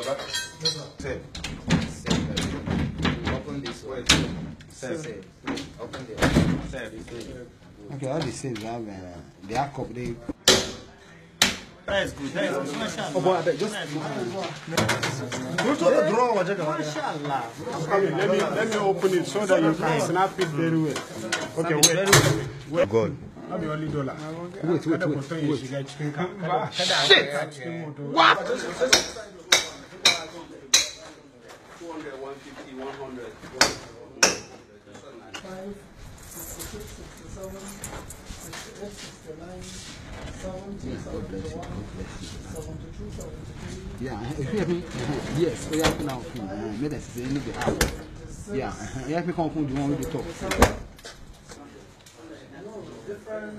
Okay, Yes, will Open this way. Seven. Open the other. Okay, all the same, have uh, the acop, That is good. That is good. Okay, oh, let me, let me open it so that you can snap it very well. Okay, wait. wait. God. wait, wait, wait. wait. Shit! What? 150, 100. 100. 100. Yeah, you hear me? Yes, we have now. Maybe that's the end of the hour. Yeah, you have me confund the one with the top. Different.